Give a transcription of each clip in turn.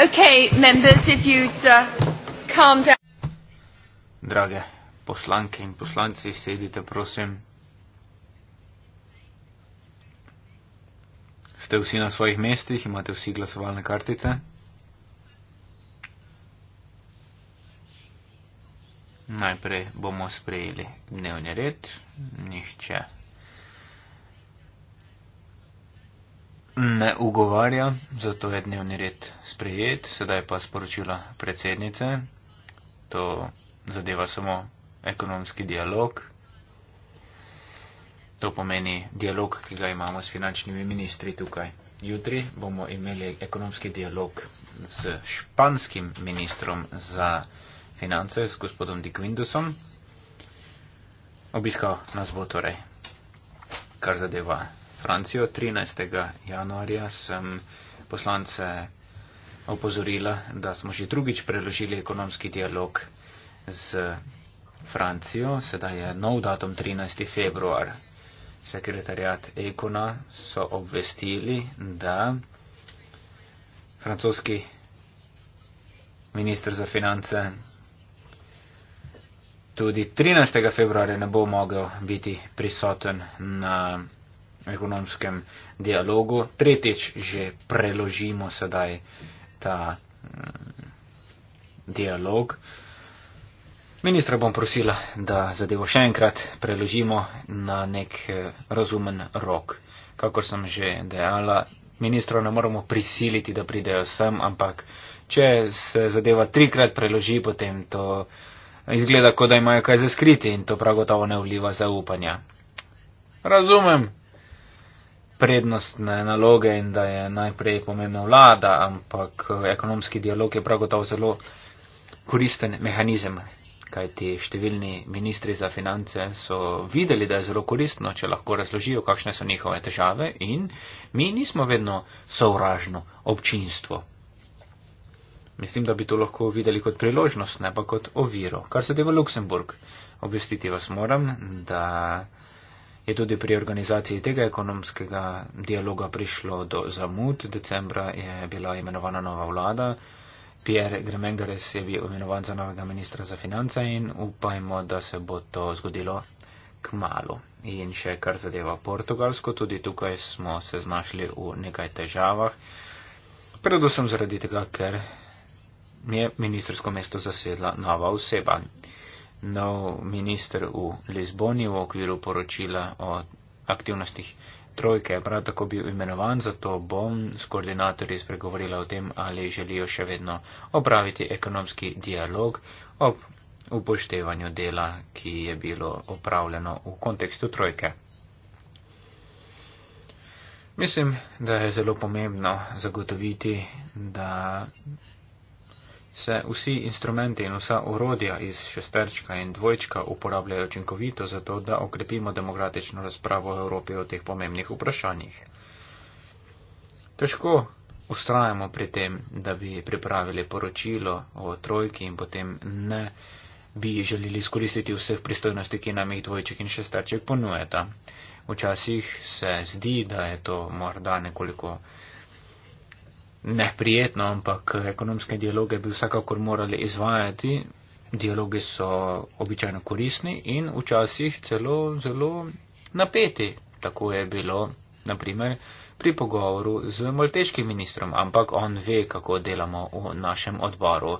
Okay, members, if you'd, uh, calm down. Drage poslanke in poslanci, sedite, prosim. Ste vsi na svojih mestih, imate vsi glasovalne kartice? Najprej bomo sprejeli dnevni red, nihče. ne ugovarja, zato je dnevni red sprejet, sedaj pa sporočila predsednice. To zadeva samo ekonomski dialog. To pomeni dialog, ki ga imamo s finančnimi ministri tukaj. Jutri bomo imeli ekonomski dialog s španskim ministrom za finance, s gospodom Dickwindusom. Obiskal nas bo torej, kar zadeva Francijo. 13. januarja sem poslance opozorila, da smo že drugič preložili ekonomski dialog z Francijo. Sedaj je nov datum 13. februar. Sekretarjat Ekona so obvestili, da francoski minister za finance tudi 13. februarja ne bo mogel biti prisoten na ekonomskem dialogu. Tretjič, že preložimo sedaj ta mm, dialog. Ministra bom prosila, da zadevo še enkrat preložimo na nek eh, razumen rok. Kakor sem že dejala, ministro ne moramo prisiliti, da pridejo sem, ampak če se zadeva trikrat preloži, potem to izgleda, kot da imajo kaj za skriti in to prav gotovo ne vliva zaupanja. Razumem, prednostne naloge in da je najprej pomembna vlada, ampak eh, ekonomski dialog je prav gotovo zelo koristen mehanizem, kajti številni ministri za finance so videli, da je zelo koristno, če lahko razložijo, kakšne so njihove težave in mi nismo vedno sovražno občinstvo. Mislim, da bi to lahko videli kot priložnost, ne pa kot oviro. Kar se deva Luksemburg, obvestiti vas moram, da je tudi pri organizaciji tega ekonomskega dialoga prišlo do zamud. Decembra je bila imenovana nova vlada. Pierre Gremengares je bil imenovan za novega ministra za finance in upajmo, da se bo to zgodilo k malu. In še kar zadeva Portugalsko, tudi tukaj smo se znašli v nekaj težavah. Predvsem zaradi tega, ker je ministersko mesto zasedla nova oseba nov minister v Lizboni v okviru poročila o aktivnostih trojke. Prav tako bil imenovan, zato bom s koordinatorji spregovorila o tem, ali želijo še vedno opraviti ekonomski dialog ob upoštevanju dela, ki je bilo opravljeno v kontekstu trojke. Mislim, da je zelo pomembno zagotoviti, da se vsi instrumenti in vsa urodja iz šesterčka in dvojčka uporabljajo učinkovito za to, da okrepimo demokratično razpravo v Evropi o teh pomembnih vprašanjih. Težko ustrajamo pri tem, da bi pripravili poročilo o trojki in potem ne bi želeli izkoristiti vseh pristojnosti, ki nam jih dvojček in šesterček ponujeta. Včasih se zdi, da je to morda nekoliko neprijetno, ampak ekonomske dialoge bi vsakakor morali izvajati. Dialogi so običajno korisni in včasih celo zelo napeti. Tako je bilo, naprimer, pri pogovoru z malteškim ministrom, ampak on ve, kako delamo v našem odboru.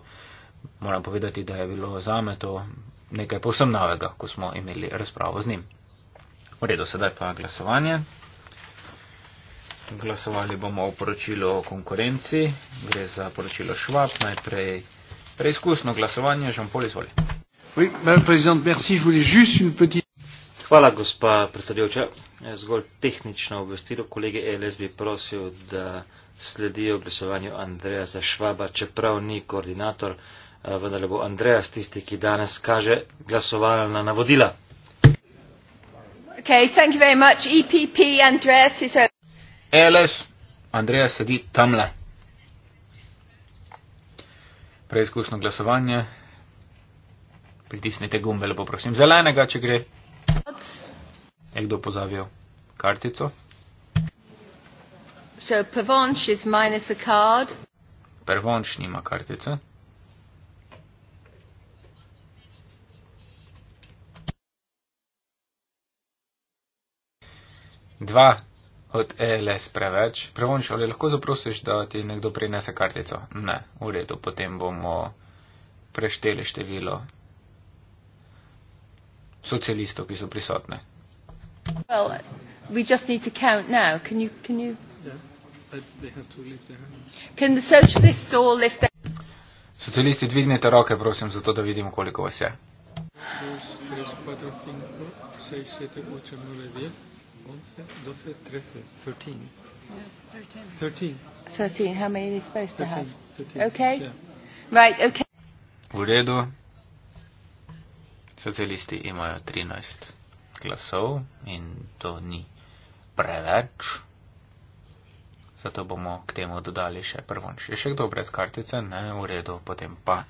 Moram povedati, da je bilo zame to nekaj povsem novega, ko smo imeli razpravo z njim. V redu, sedaj pa glasovanje. Glasovali bomo o poročilu o konkurenci. Gre za poročilo Švab. Najprej preizkusno glasovanje. Jean-Paul, izvoli. Hvala, gospa predsedujoča. Eh, zgolj tehnično obvestilo. Kolege e LS bi prosil, da sledijo glasovanju Andreja za Švaba, čeprav ni koordinator. Eh, vendar bo Andreja tisti, ki danes kaže glasovalna navodila. Okay, thank you very much. EPP Andreas is a Eles, Andreja sedi tamle. Preizkusno glasovanje. Pritisnite gumbe, lepo prosim. Zelenega, če gre. Je kdo pozavil kartico? So pervonč is minus a card. Pervonč nima kartice. Dva od ELS preveč. Prevonš, ali lahko zaprosiš, da ti nekdo prinese kartico? Ne, v redu, potem bomo prešteli število socialistov, ki so prisotne. Well, we just need to count now. Can you, can you? Can the socialists all lift their hands? Socialisti, dvignite roke, prosim, zato da vidimo, koliko vas je. 2, 3, 4, 5, 6, 7, 8, 9, 10. 11, 12, 13, 13. Yes, 13. 13. 13. How many are they supposed 13, to have? 13. Okay. Yeah. Right, okay. V redu. Socialisti imajo 13 glasov in to ni preveč. Zato bomo k temu dodali še prvonč. Je še kdo brez kartice? Ne, v redu, potem pa.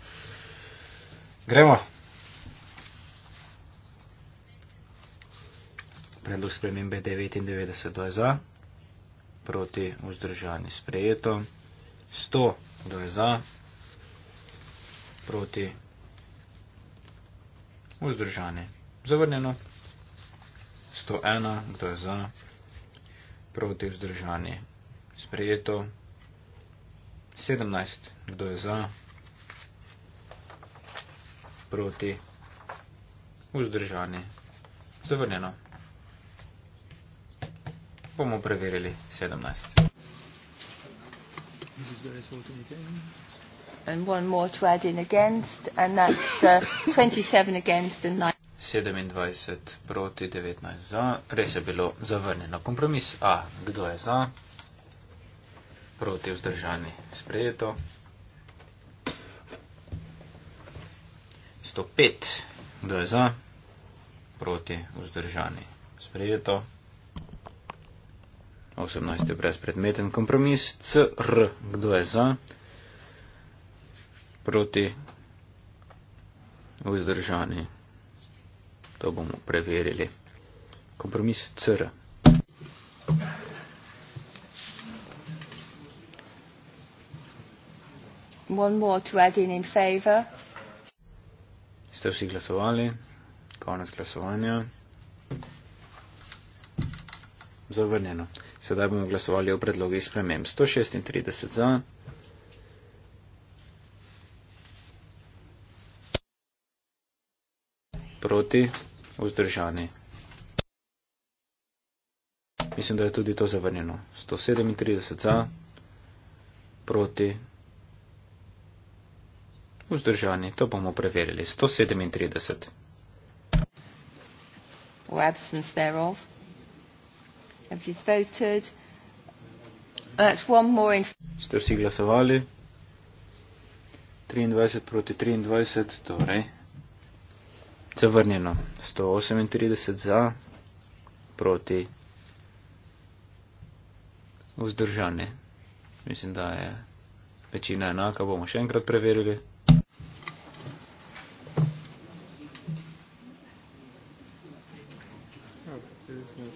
Gremo. predlog spremembe 99 do je za, proti vzdržani sprejeto, 100 do je za, proti vzdržani zavrnjeno, 101 kdo je za, proti vzdržani sprejeto, 17 kdo je za, proti vzdržani zavrnjeno bomo preverili 17. And one more to add in against, and that's uh, 27 against and 9. 27 proti 19 za. Res je bilo zavrnjeno. Kompromis A. Kdo je za? Proti vzdržani. Sprejeto. 105. Kdo je za? Proti vzdržani. Sprejeto. 18 brezpredmeten kompromis, CR, kdo je za, proti, vzdržani, to bomo preverili. Kompromis CR. One more to add in in favor. Ste vsi glasovali? Konec glasovanja. Zavrnjeno. Sedaj bomo glasovali o predlogih sprememb. 136 za. Proti vzdržani. Mislim, da je tudi to zavrnjeno. 137 za. Proti vzdržani. To bomo preverili. 137. V absence thereof. Ste vsi glasovali? 23 proti 23, torej. Zavrnjeno. 138 za, proti. Vzdržane. Mislim, da je večina enaka. Bomo še enkrat preverili. Oh, no,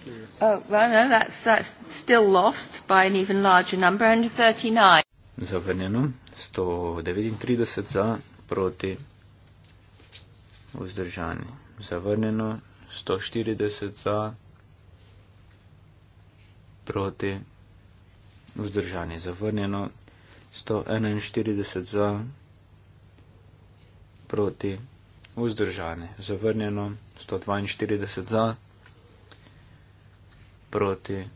Zavrnjeno 139 za proti vzdržani. Zavrnjeno 140 za proti vzdržani. Zavrnjeno 141 za proti vzdržani. Zavrnjeno 142 za proti vzdržani proti,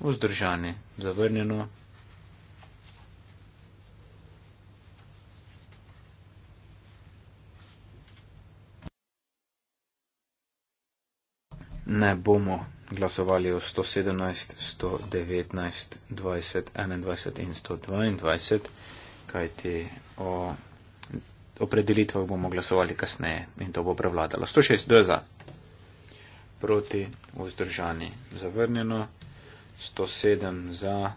vzdržani, zavrnjeno. Ne bomo glasovali o 117, 119, 20, 21 in 122, kajti o opredelitvah bomo glasovali kasneje in to bo prevladalo. 106, 2 za proti vzdržani. Zavrnjeno 107 za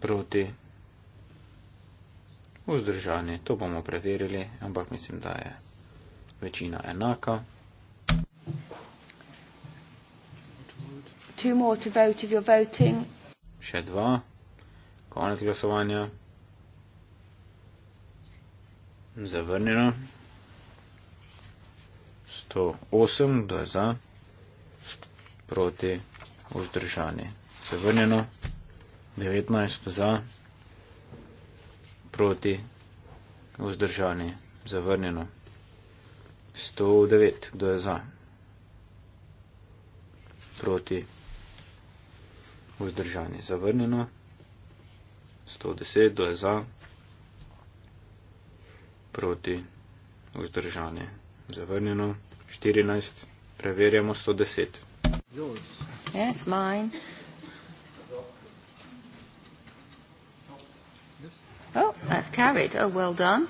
proti vzdržani. To bomo preverili, ampak mislim, da je večina enaka. Two more to vote if you're voting. Še dva. Konec glasovanja. Zavrnjeno. 108, kdo je za, proti, vzdržani. Zavrnjeno, 19 za, proti, vzdržani. Zavrnjeno, 109, kdo je za, proti, vzdržani. Zavrnjeno, 110, kdo je za, proti, vzdržani. Zavrnjeno. 14, preverjamo 110. Yes, oh, oh, well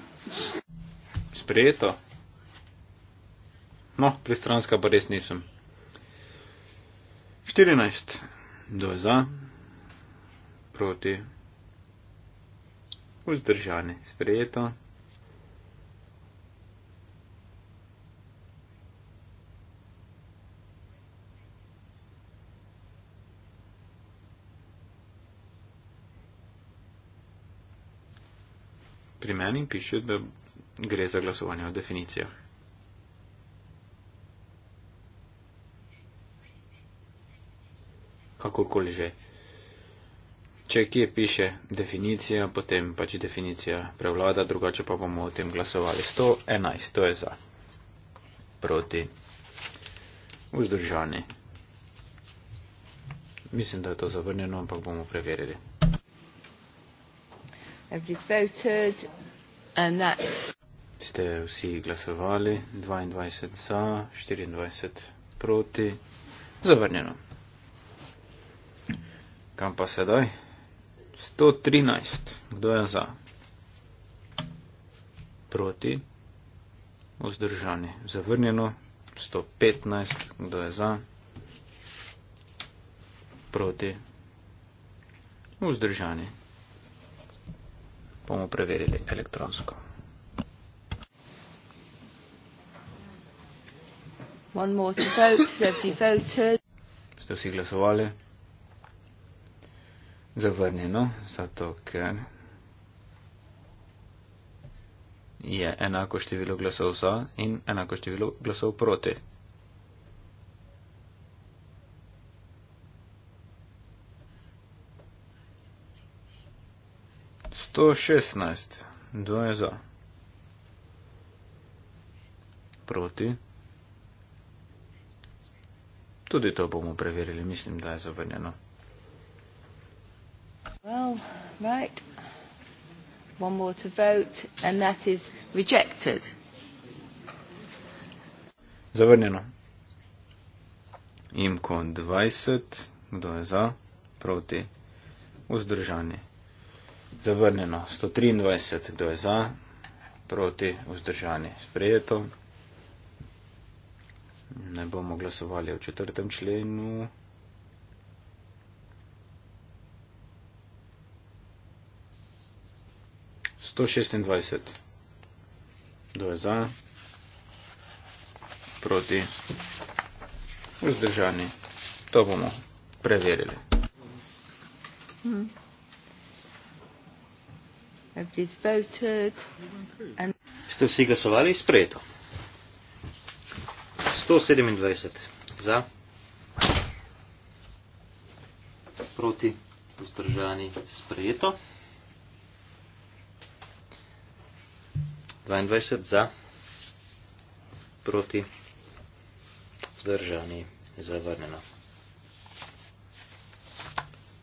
Sprejeto. No, pristranska pa res nisem. 14. Kdo je za? Proti. Vzdržani. Sprejeto. pri meni piše, da gre za glasovanje o definicijah. Kakorkoli že. Če kje piše definicija, potem pač definicija prevlada, drugače pa bomo o tem glasovali. 111, to je za. Proti. Vzdržani. Mislim, da je to zavrnjeno, ampak bomo preverili. Everybody's voted. And that... Ste vsi glasovali, 22 za, 24 proti, zavrnjeno. Kam pa sedaj? 113. Kdo je za? Proti. Vzdržani. Zavrnjeno. 115. Kdo je za? Proti. Vzdržani bomo preverili elektronsko. Ste vsi glasovali? Zavrnjeno, zato ker je enako število glasov za in enako število glasov proti. 116. Kdo je za? Proti? Tudi to bomo preverili, mislim, da je zavrnjeno. Well, right. One more to vote and that is rejected. Zavrnjeno. Imko 20. Kdo je za? Proti? Vzdržanje. Zavrnjeno 123, kdo je za, proti vzdržani sprejeto. Ne bomo glasovali o četrtem členu. Sto šestindvajset, kdo je za, proti, vzdržani, to bomo preverili. Hmm. Everybody's voted. And Ste vsi glasovali sprejeto? 127 za, proti, vzdržani sprejeto. 22 za, proti, vzdržani zavrnjeno.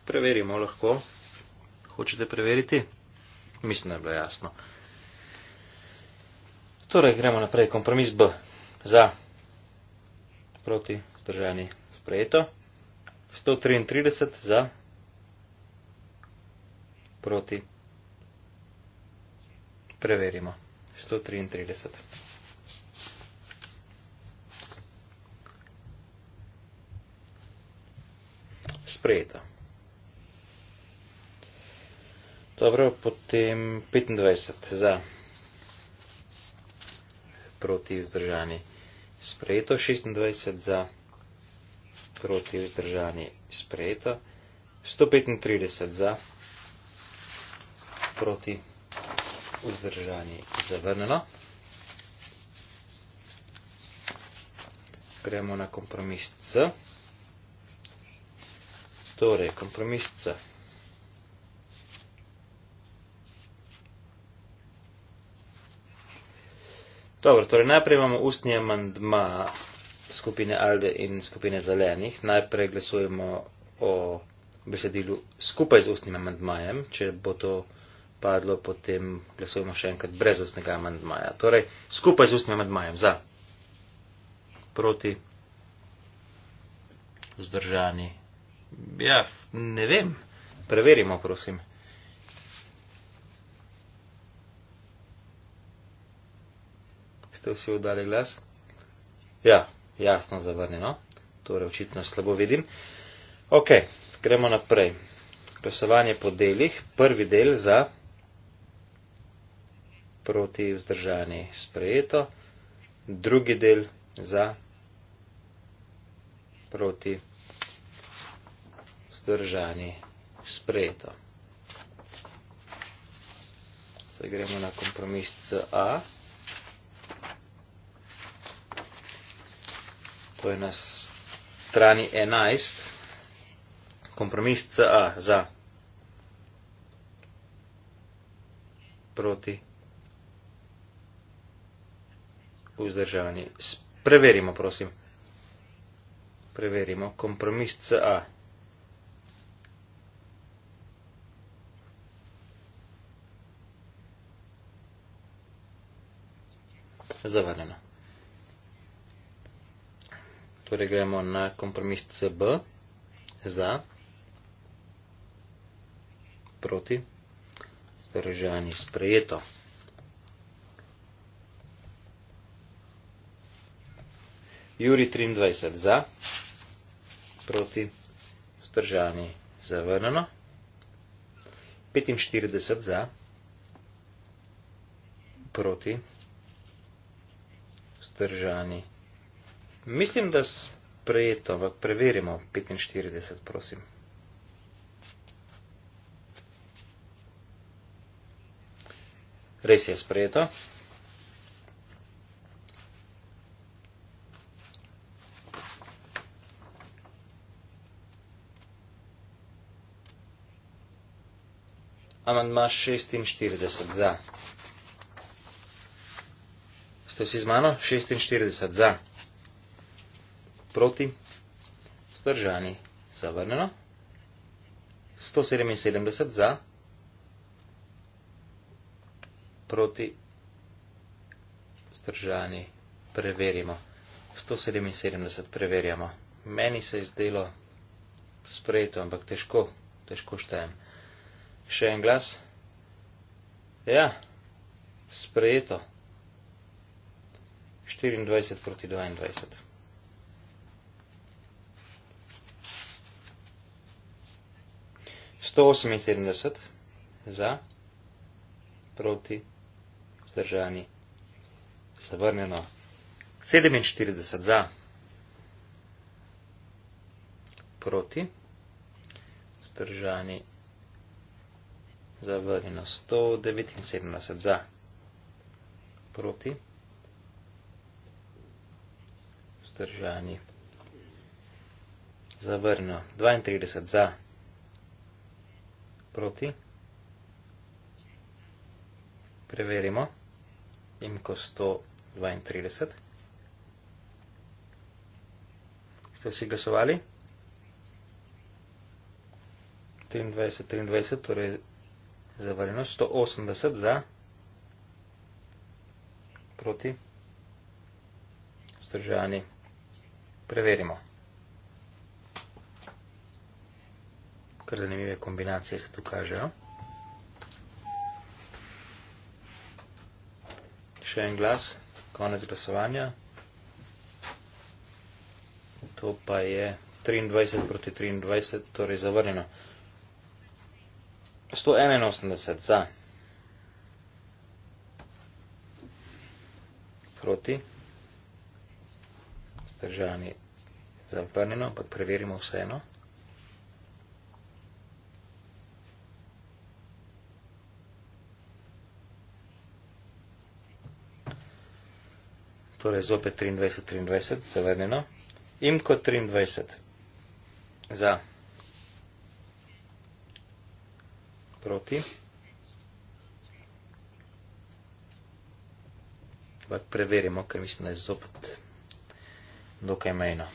Preverimo lahko. Hočete preveriti? Mislim, da je bilo jasno. Torej, gremo naprej. Kompromis B za proti zdržani sprejeto. 133 za proti. Preverimo. 133. Sprejeto. Dobro, potem 25 za proti vzdržani sprejeto, 26 za proti vzdržani sprejeto, 135 za proti vzdržani zavrnjeno. Gremo na kompromis C. Torej, kompromis C. Dobro, torej najprej imamo ustni amandma skupine Alde in skupine Zelenih. Najprej glasujemo o besedilu skupaj z ustnim amandmajem. Če bo to padlo, potem glasujemo še enkrat brez ustnega amandmaja. Torej, skupaj z ustnim amandmajem za, proti, vzdržani. Ja, ne vem. Preverimo, prosim. ste vsi vdali glas? Ja, jasno zavrnjeno. Torej, očitno slabo vidim. Ok, gremo naprej. Glasovanje po delih. Prvi del za proti vzdržani sprejeto. Drugi del za proti vzdržani sprejeto. Zdaj gremo na kompromis CA. to je na strani 11, kompromis CA za proti vzdržavanje. Preverimo, prosim. Preverimo, kompromis CA. Zavrneno. Torej gremo na kompromis CB za proti zdržani sprejeto. Juri 23 za proti zdržani zavrnjeno. 45 za proti zdržani zavrnjeno. Mislim, da sprejeto, ampak preverimo. 45, prosim. Res je sprejeto. Amandma 46 za. Ste vsi z mano? 46 za proti, vzdržani, zavrnjeno, 177 za, proti, vzdržani, preverimo, 177 preverjamo, meni se je zdelo sprejeto, ampak težko, težko štejem, še en glas, ja, sprejeto, 24 proti 22. 178 za, proti, vzdržani, zavrnjeno, 47 za, proti, vzdržani, zavrnjeno, 179 za, proti, vzdržani, zavrnjeno, 32 za, proti, proti. Preverimo. Imko 132. Ste vsi glasovali? 23, 23, torej zavarjeno. 180 za. Proti. Zdržani. Preverimo. kar zanimive kombinacije se tu kažejo. Še en glas, konec glasovanja. To pa je 23 proti 23, torej zavrnjeno. 181 za. Proti. Zdržani zavrnjeno, ampak preverimo vseeno. eno. torej zopet 23, 23, zavedeno. Imko 23 za proti. Ampak preverimo, kaj mislim, da je zopet dokaj mejno.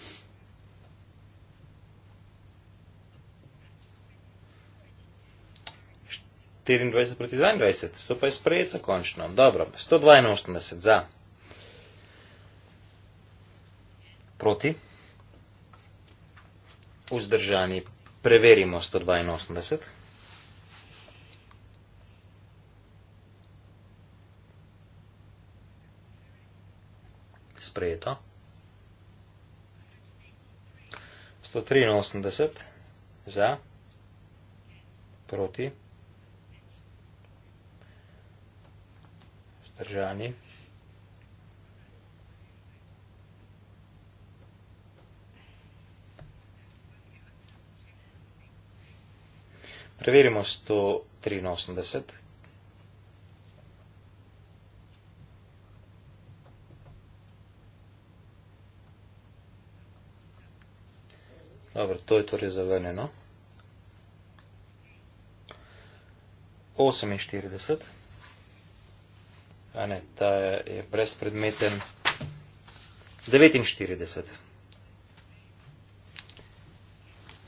Štiriindvajset proti dvaindvajset, to pa je sprejeto končno. Dobro, sto dvainosemdeset za. proti. Vzdržani preverimo 182. Sprejeto. 183 za, proti, vzdržani, Preverimo 183. Dobro, to je torej zavrnjeno. 48. A ne, ta je brezpredmeten. 49.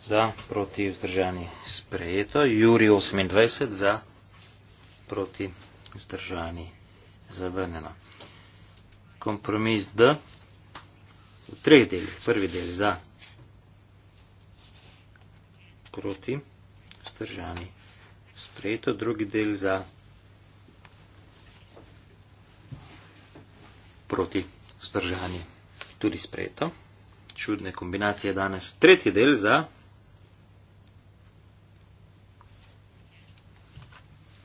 za, proti vzdržani sprejeto, Juri 28 za, proti vzdržani zavrnjeno. Kompromis D v treh delih, prvi del za, proti vzdržani sprejeto, drugi del za, proti vzdržani tudi sprejeto. Čudne kombinacije danes. Tretji del za.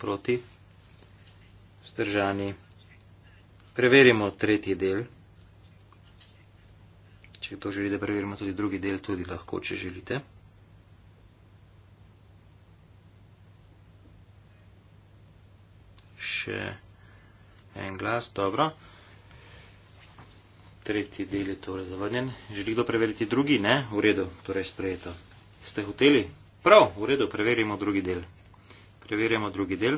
proti, zdržani. Preverimo tretji del. Če kdo želi, da preverimo tudi drugi del, tudi lahko, če želite. Še en glas, dobro. Tretji del je torej zavrnjen. Želi kdo preveriti drugi? Ne, v redu, torej sprejeto. Ste hoteli? Prav, v redu, preverimo drugi del preverjamo drugi del.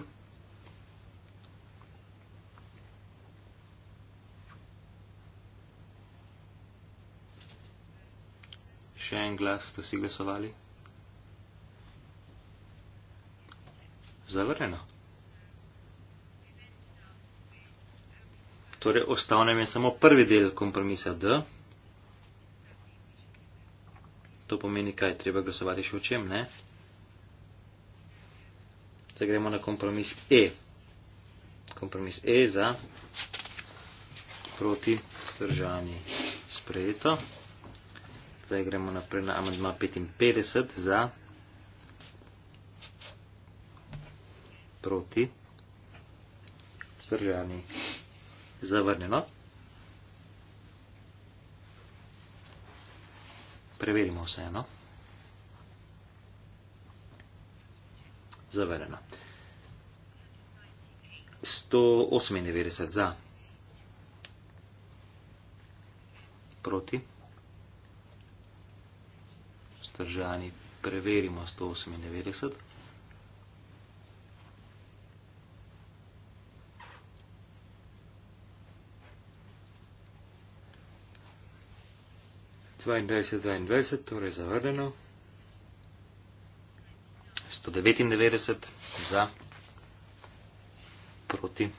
Še en glas ste si glasovali. Zavrjeno. Torej, ostal nam je samo prvi del kompromisa D. To pomeni, kaj treba glasovati še o čem, ne? Zdaj gremo na kompromis E. Kompromis E za proti vzdržanji sprejeto. Zdaj gremo naprej na amendma 55 za proti vzdržanji zavrnjeno. Preverimo vseeno. zavrnjeno. 198 za, proti, stržani, preverimo 198. Dvaindvajset, dvaindvajset, torej zavrnjeno. 199 za, proti,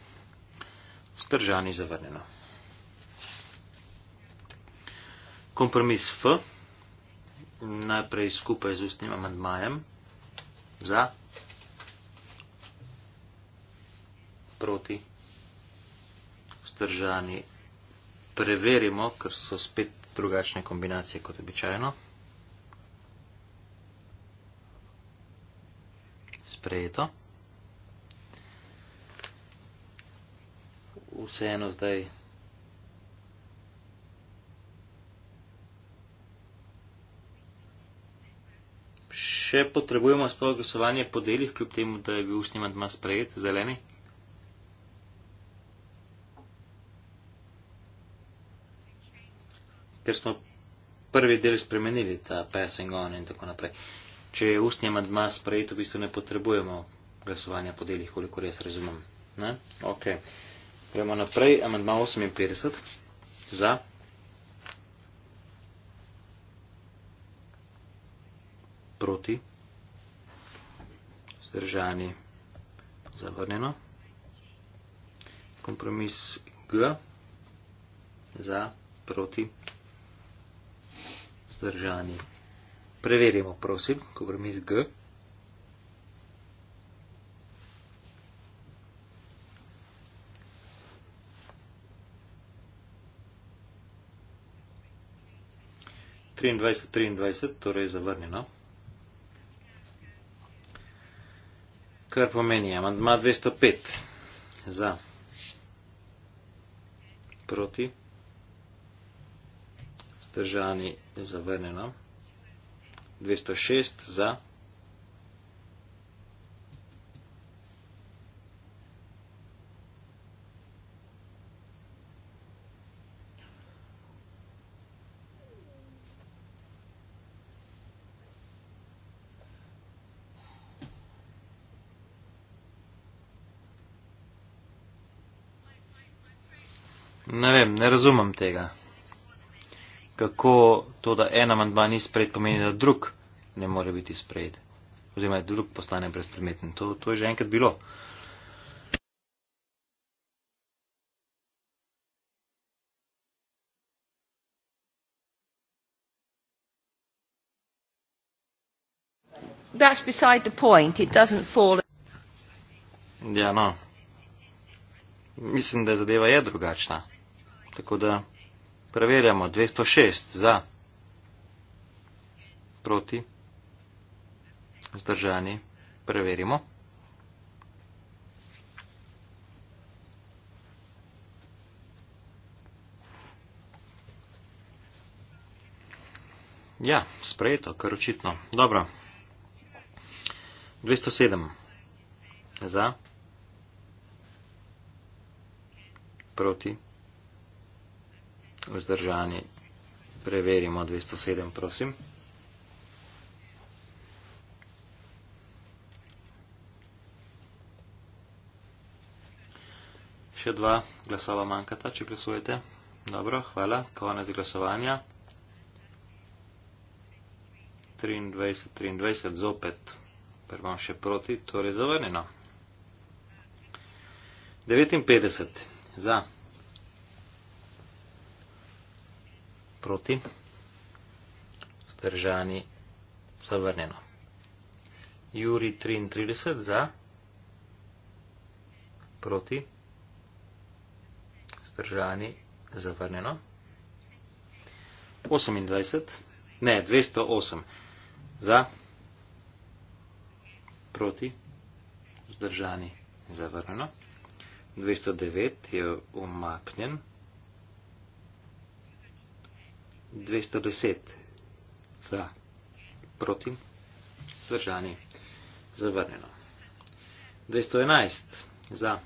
vzdržani zavrnjeno. Kompromis F, najprej skupaj z ustnim amandmajem, za, proti, vzdržani, preverimo, ker so spet drugačne kombinacije kot običajno. sprejeto. Vseeno zdaj še potrebujemo sploh glasovanje po delih, kljub temu, da je bil ustni mandma sprejet, zeleni. Ker smo prvi del spremenili, ta passing on in tako naprej. Uh, če je ustni amadma sprejet, v bistvu ne potrebujemo glasovanja po delih, koliko jaz razumem. Ne? Ok. Gremo naprej. Amadma 58. Za. Proti. Zdržani. Zavrnjeno. Kompromis G. Za. Proti. Zdržani. Preverimo, prosim, ko grem iz G. Trinajst, trinajst, torej zavrnjeno. Kar pomeni, amandma 205 za, proti, zdržani, zavrnjeno. 206 za. Ne vem, ne razumem tega kako to, da en amandma ni sprejet, pomeni, da drug ne more biti sprejet. Oziroma, da drug postane brezpredmeten. To, to je že enkrat bilo. That's beside the point. It doesn't fall. Ja, no. Mislim, da zadeva je drugačna. Tako da. Preverjamo 206 za, proti, zdržani, preverimo. Ja, sprejeto, kar očitno. Dobro. 207 za, proti, zdržani vzdržani. Preverimo 207, prosim. Še dva glasova manjkata, če glasujete. Dobro, hvala. Konec glasovanja. 23, 23, zopet. Prvom še proti, torej zavrnjeno. 59 za. proti, vzdržani, zavrnjeno. Juri 33 za, proti, vzdržani, zavrnjeno. 28, ne, 208 za, proti, vzdržani, zavrnjeno. 209 je umaknjen. 210 za, proti, zdržani, zavrnjeno. 211 za,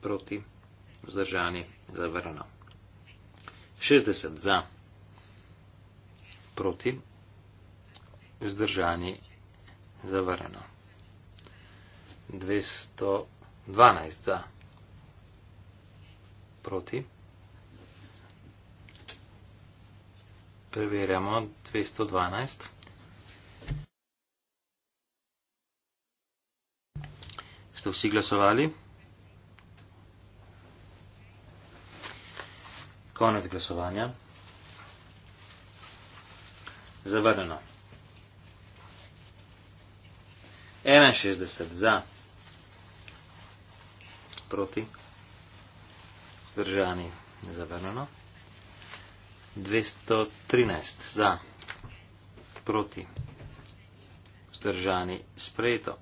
proti, zdržani, zavrnjeno. 60 za, proti, zdržani, zavrnjeno. 212 za, proti, zdržani, zavrnjeno. preverjamo 212. Ste vsi glasovali? Konec glasovanja. Zavrljeno. 61 za. Proti. Zdržani. Zavrljeno. 213 za, proti, vzdržani, sprejeto.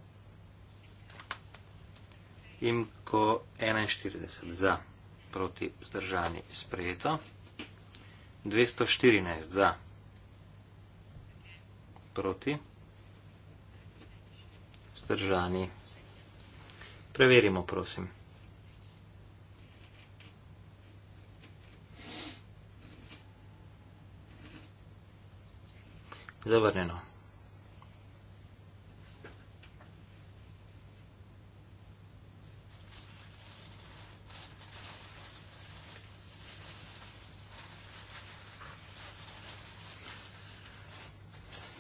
Imko 41 za, proti, vzdržani, sprejeto. 214 za, proti, vzdržani, preverimo, prosim. zavrnjeno.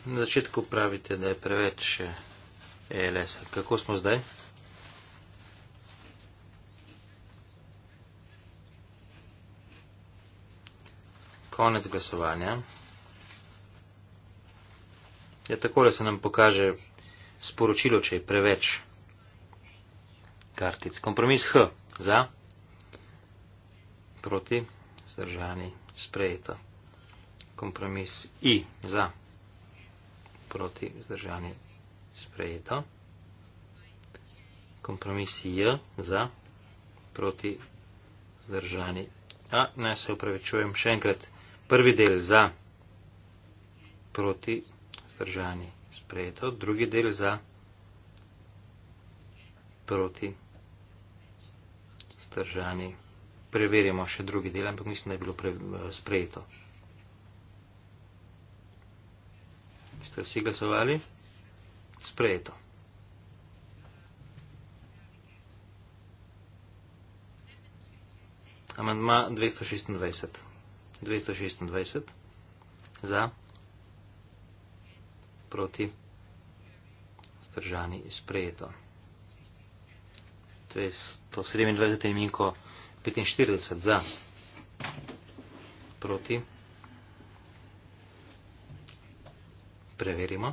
Na začetku pravite, da je preveč ELS-a. E Kako smo zdaj? Konec glasovanja. Ja, takole se nam pokaže sporočilo, če je preveč kartic. Kompromis H za, proti, zdržani, sprejeto. Kompromis I za, proti, zdržani, sprejeto. Kompromis J za, proti, zdržani. A, naj se upravičujem še enkrat. Prvi del za, proti, zdržani zdržani, sprejeto, drugi del za proti zdržani. Preverimo še drugi del, ampak mislim, da je bilo pre, eh, sprejeto. Ste vsi glasovali? Sprejeto. Amandma 226. 226. Za proti zdržani sprejeto. To je 127 in minko 45 za proti. Preverimo.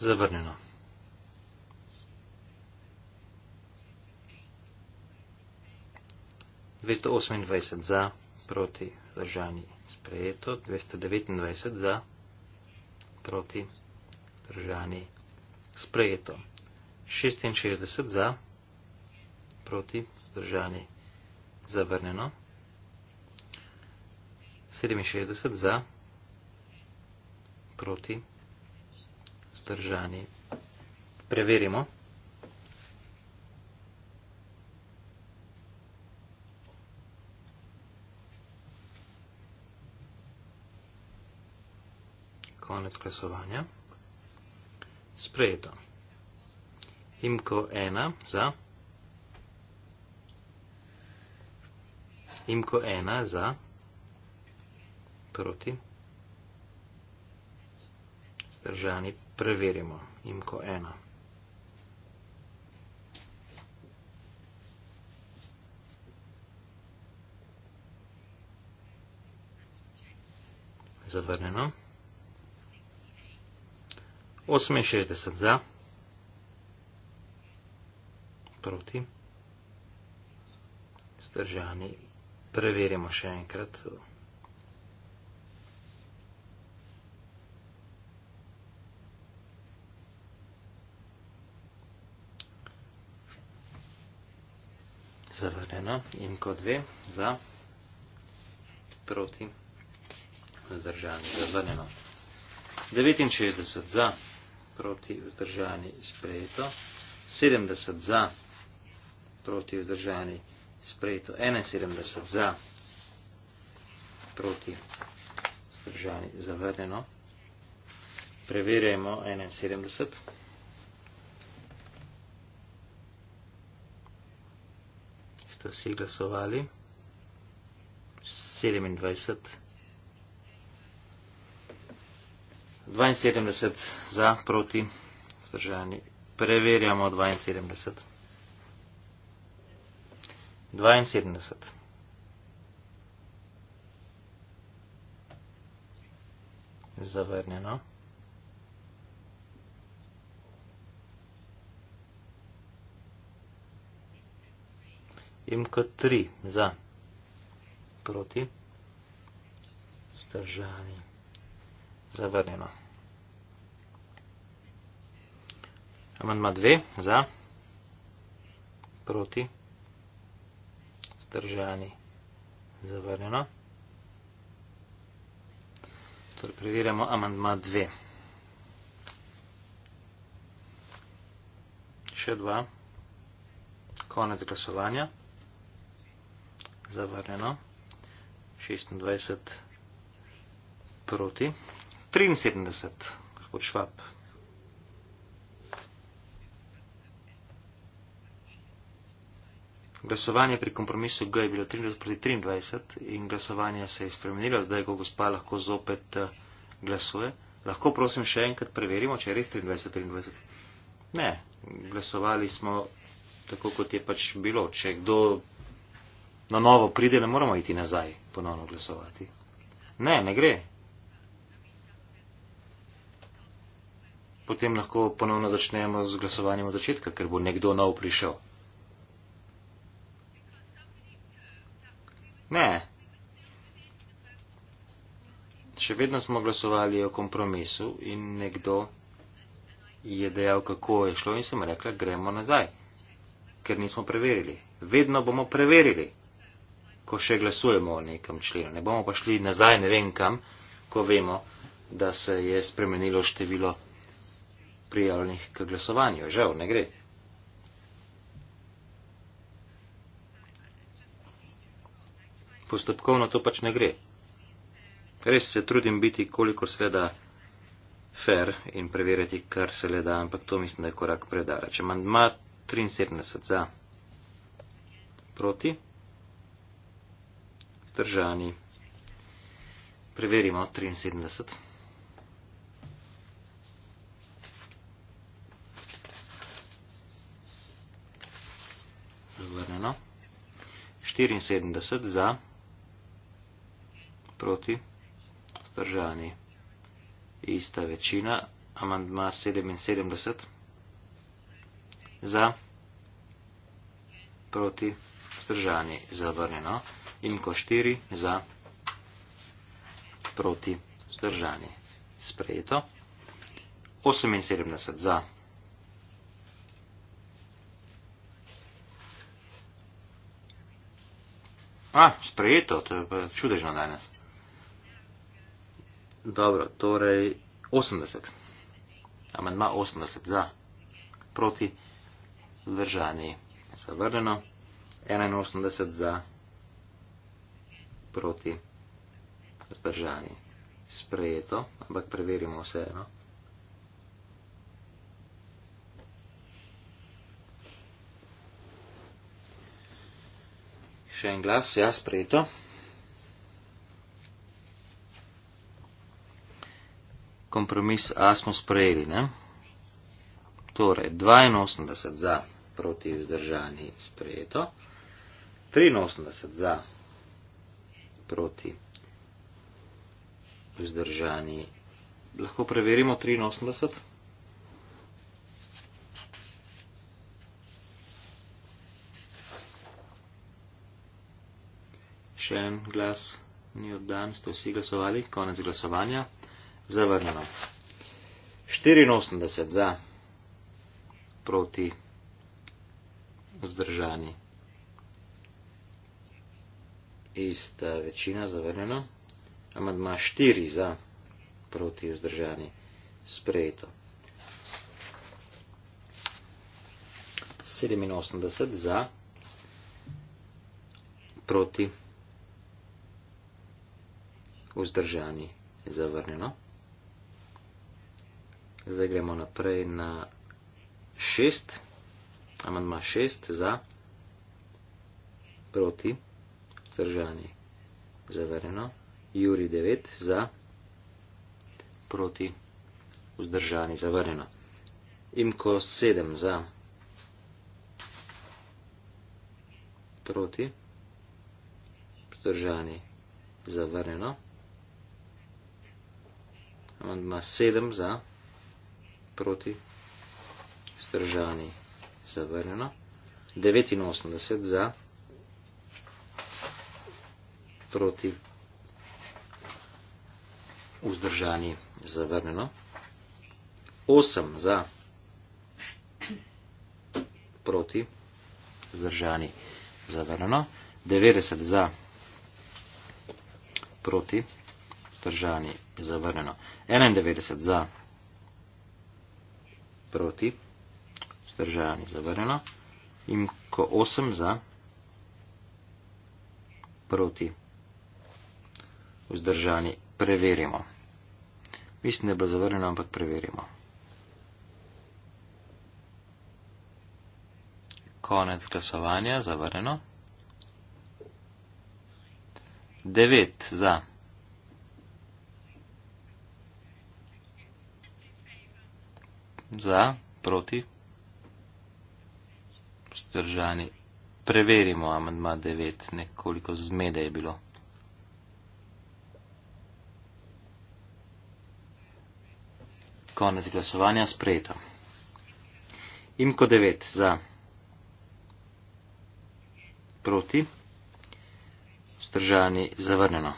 Zavrnjeno. 228 za, proti zdržani sprejeto, 229 za, proti zdržani sprejeto, 66 za, proti zdržani zavrnjeno, 67 za, proti zdržani preverimo. konec glasovanja. Sprejeto. Imko ena za. Imko ena za. Proti. Zdržani preverimo. Imko ena. Zavrneno. 68 za, proti, zdržani, preverimo še enkrat. Zavrneno in kot dve, za, proti, zdržani, zavrneno. 69 za, proti, zdržani, zavrneno. 69 za, proti, zdržani, zavrneno proti vzdržani sprejeto, 70 za proti vzdržani sprejeto, 71 za proti vzdržani zavrneno. Preverjamo 71. Ste vsi glasovali? 27. 72 za, proti, vzdržani. Preverjamo 72. 72. Zavrnjeno. In kot tri za, proti, vzdržani. Zavrnjeno. Amandma 2 za, proti, vzdržani, zavrnjeno. Torej preverjamo amandma 2. Še dva. Konec glasovanja. Zavrnjeno. 26 proti. 73, gospod Švab, Glasovanje pri kompromisu G je bilo 23 proti 23 in glasovanje se je spremenilo, zdaj ko gospa lahko zopet eh, glasuje. Lahko prosim še enkrat preverimo, če je res 23-23. Ne, glasovali smo tako, kot je pač bilo. Če kdo na novo pride, ne moramo iti nazaj ponovno glasovati. Ne, ne gre. Potem lahko ponovno začnemo z glasovanjem od začetka, ker bo nekdo nov prišel. Ne. Še vedno smo glasovali o kompromisu in nekdo je dejal, kako je šlo in sem rekla, gremo nazaj, ker nismo preverili. Vedno bomo preverili, ko še glasujemo o nekem členu. Ne bomo pa šli nazaj, ne vem kam, ko vemo, da se je spremenilo število prijavljenih k glasovanju. Žal, ne gre. postopkovno to pač ne gre. Res se trudim biti kolikor se le da fair in preveriti, kar se le da, ampak to mislim, da je korak predara. Če manj ima 73 za proti, zdržani, preverimo 73. Zavrneno. 74 za proti, vzdržani ista večina, amandma 77, za, proti, vzdržani, zavrnjeno, in ko štiri, za, proti, vzdržani, sprejeto, 78 za, A, sprejeto, to je čudežno danes. Dobro, torej 80. Amendma 80 za, proti, vzdržani, zavrnjeno. 81 za, proti, vzdržani, sprejeto, ampak preverimo vseeno. Še en glas, ja, sprejeto. kompromis A smo sprejeli, ne? Torej, 82 za proti vzdržani sprejeto, 83 za proti vzdržani, lahko preverimo 83. Še en glas ni oddan, ste vsi glasovali, konec glasovanja zavrnjeno. 84 za proti vzdržani. Ista večina zavrnjeno. Amadma 4 za proti vzdržani sprejeto. 87 za proti vzdržani zavrnjeno. Zdaj gremo naprej na šest, amandma šest za, proti, zdržani, zavereno, Juri devet za, proti, vzdržani, zavereno, Imko sedem za, proti, vzdržani, zavereno, amandma sedem za, proti, vzdržani, zavereno, proti, vzdržani, zavrnjeno. 89 za, proti, vzdržani, zavrnjeno. 8 za, proti, vzdržani, zavrnjeno. 90 za, proti, vzdržani, zavrnjeno. 91 za, proti, proti, vzdržani zavrjeno, in ko 8 za, proti, vzdržani, preverimo. Mislim, da je bilo zavrjeno, ampak preverimo. Konec glasovanja, zavrjeno. 9 za, proti, vzdržani, preverimo. za, proti, vzdržani. Preverimo amandma 9, nekoliko zmede je bilo. Konec glasovanja, sprejeto. Imko 9 za, proti, vzdržani, zavrnjeno.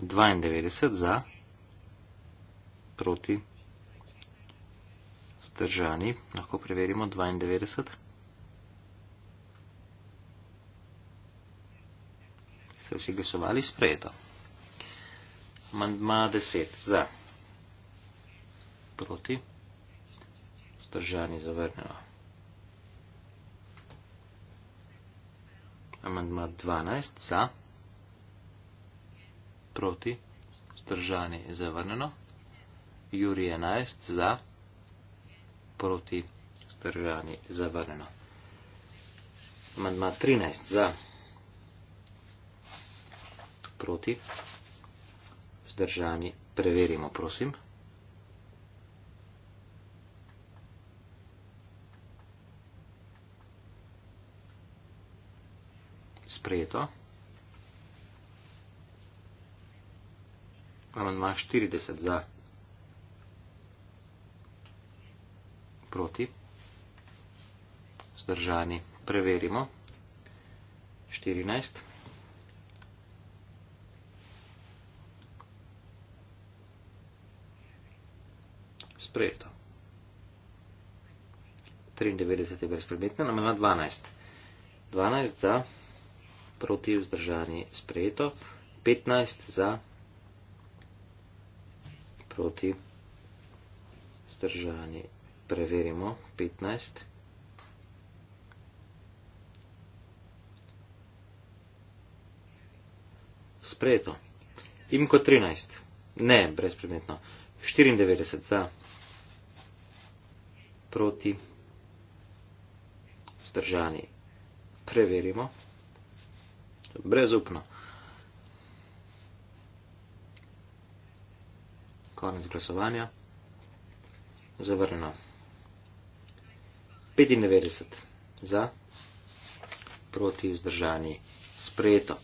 92 za proti zdržani, lahko preverimo 92. Ste vsi glasovali sprejeto. Mandma 10 za. Proti. Zdržani zavrnjeno. Amandma 12 za. Proti. Zdržani zavrnjeno. Juri 11 za, proti vzdržani zavrneno. Amandma 13 za, proti vzdržani preverimo, prosim. Sprejeto. Amandma 40 za, proti. proti. Zdržani. Preverimo. 14. Sprejeto. 93 je brezpredmetno, nam je na 12. 12 za proti vzdržani sprejeto, 15 za proti vzdržani sprejeto preverimo. 15. Sprejeto. Imko 13. Ne, brezpredmetno. 94 za. Proti. Zdržani. Preverimo. Brezupno. Konec glasovanja. Zavrnjeno. 95 za, proti vzdržani sprejeto.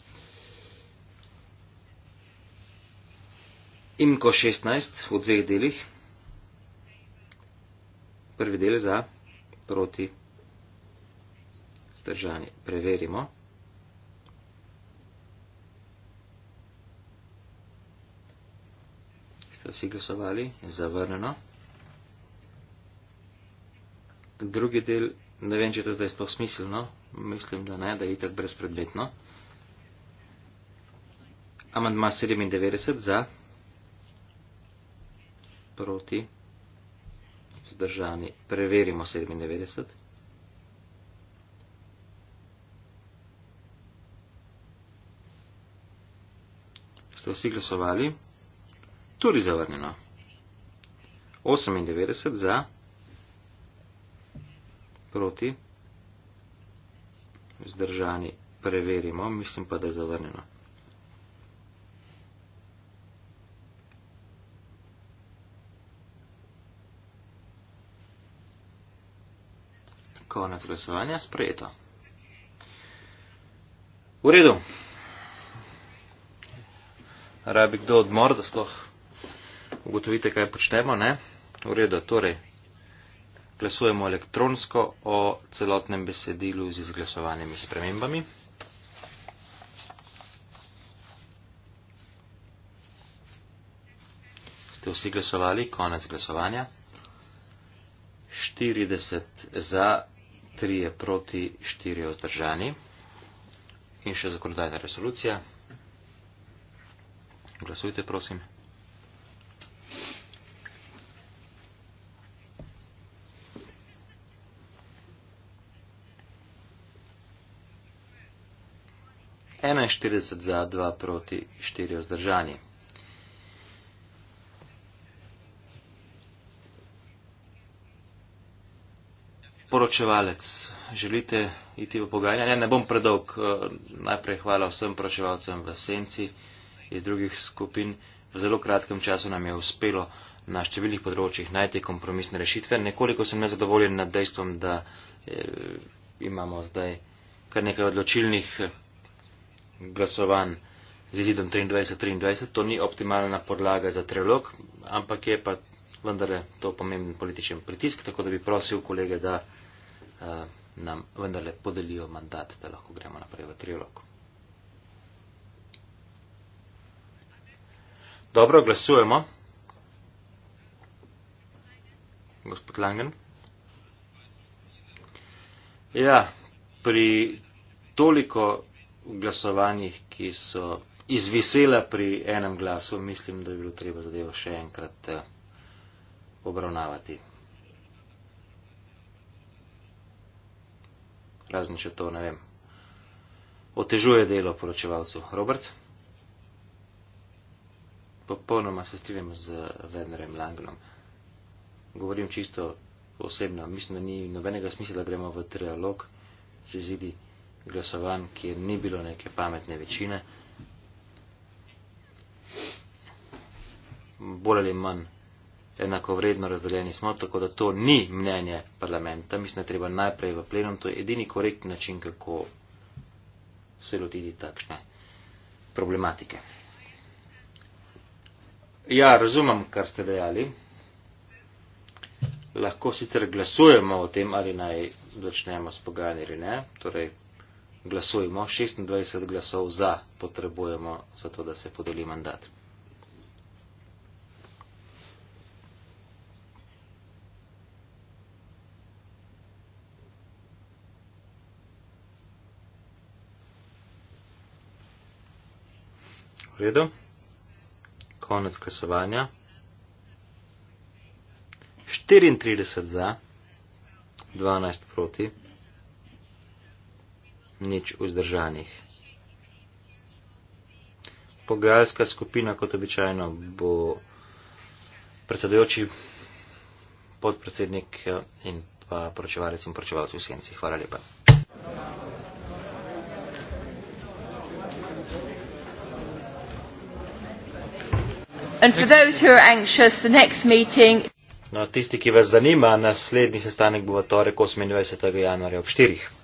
Imko 16 v dveh delih, prvi del za, proti vzdržani. Preverimo. Ste vsi glasovali? Zavrneno drugi del, ne vem, če to je sploh smiselno, mislim, da ne, da je itak brezpredmetno. Amandma 97 za, proti, vzdržani, preverimo 97. Ste vsi glasovali? Tudi zavrnjeno. 98 za proti, vzdržani preverimo, mislim pa, da je zavrnjeno. Konec glasovanja, sprejeto. V redu. Rabi kdo odmor, da sploh ugotovite, kaj počnemo, ne? V redu, torej, glasujemo elektronsko o celotnem besedilu z izglasovanimi spremembami. Ste vsi glasovali? Konec glasovanja. 40 za, 3 je proti, 4 je vzdržani. In še zakonodajna resolucija. Glasujte, prosim. 41 za, 2 proti, 4 vzdržani. Poročevalec, želite iti v pogajanje? Ne bom predolg. Eh, najprej hvala vsem poročevalcem v Senci iz drugih skupin. V zelo kratkem času nam je uspelo na številnih področjih najti kompromisne rešitve. Nekoliko sem nezadovoljen nad dejstvom, da eh, imamo zdaj kar nekaj odločilnih glasovanj z izidom 23-23, to ni optimalna podlaga za trilog, ampak je pa vendarle to pomemben političen pritisk, tako da bi prosil kolege, da uh, nam vendarle podelijo mandat, da lahko gremo naprej v trilog. Dobro, glasujemo. Gospod Langen. Ja, pri toliko glasovanjih, ki so izvisela pri enem glasu, mislim, da je bilo treba zadevo še enkrat eh, obravnavati. Razen če to, ne vem, otežuje delo poročevalcu. Robert? Popolnoma se strinjam z Vendrem Langlom. Govorim čisto osebno. Mislim, da ni nobenega smisla, da gremo v trialog z izidi glasovanj, kjer ni bilo neke pametne večine, bolj ali manj enakovredno razdeljeni smo, tako da to ni mnenje parlamenta, mislim, da treba najprej v plenum, to je edini korektni način, kako se lotiti takšne problematike. Ja, razumem, kar ste dejali. Lahko sicer glasujemo o tem, ali naj začnemo s pogajanji ali ne, torej glasujemo, 26 glasov za potrebujemo, zato da se podeli mandat. V redu. Konec glasovanja. 34 za, 12 proti nič vzdržanih. Pogajalska skupina, kot običajno, bo predsedujoči podpredsednik in pa poročevalec in poročevalec v senci. Hvala lepa. No, tisti, ki vas zanima, naslednji sestanek bo v torek 28. januarja ob 4.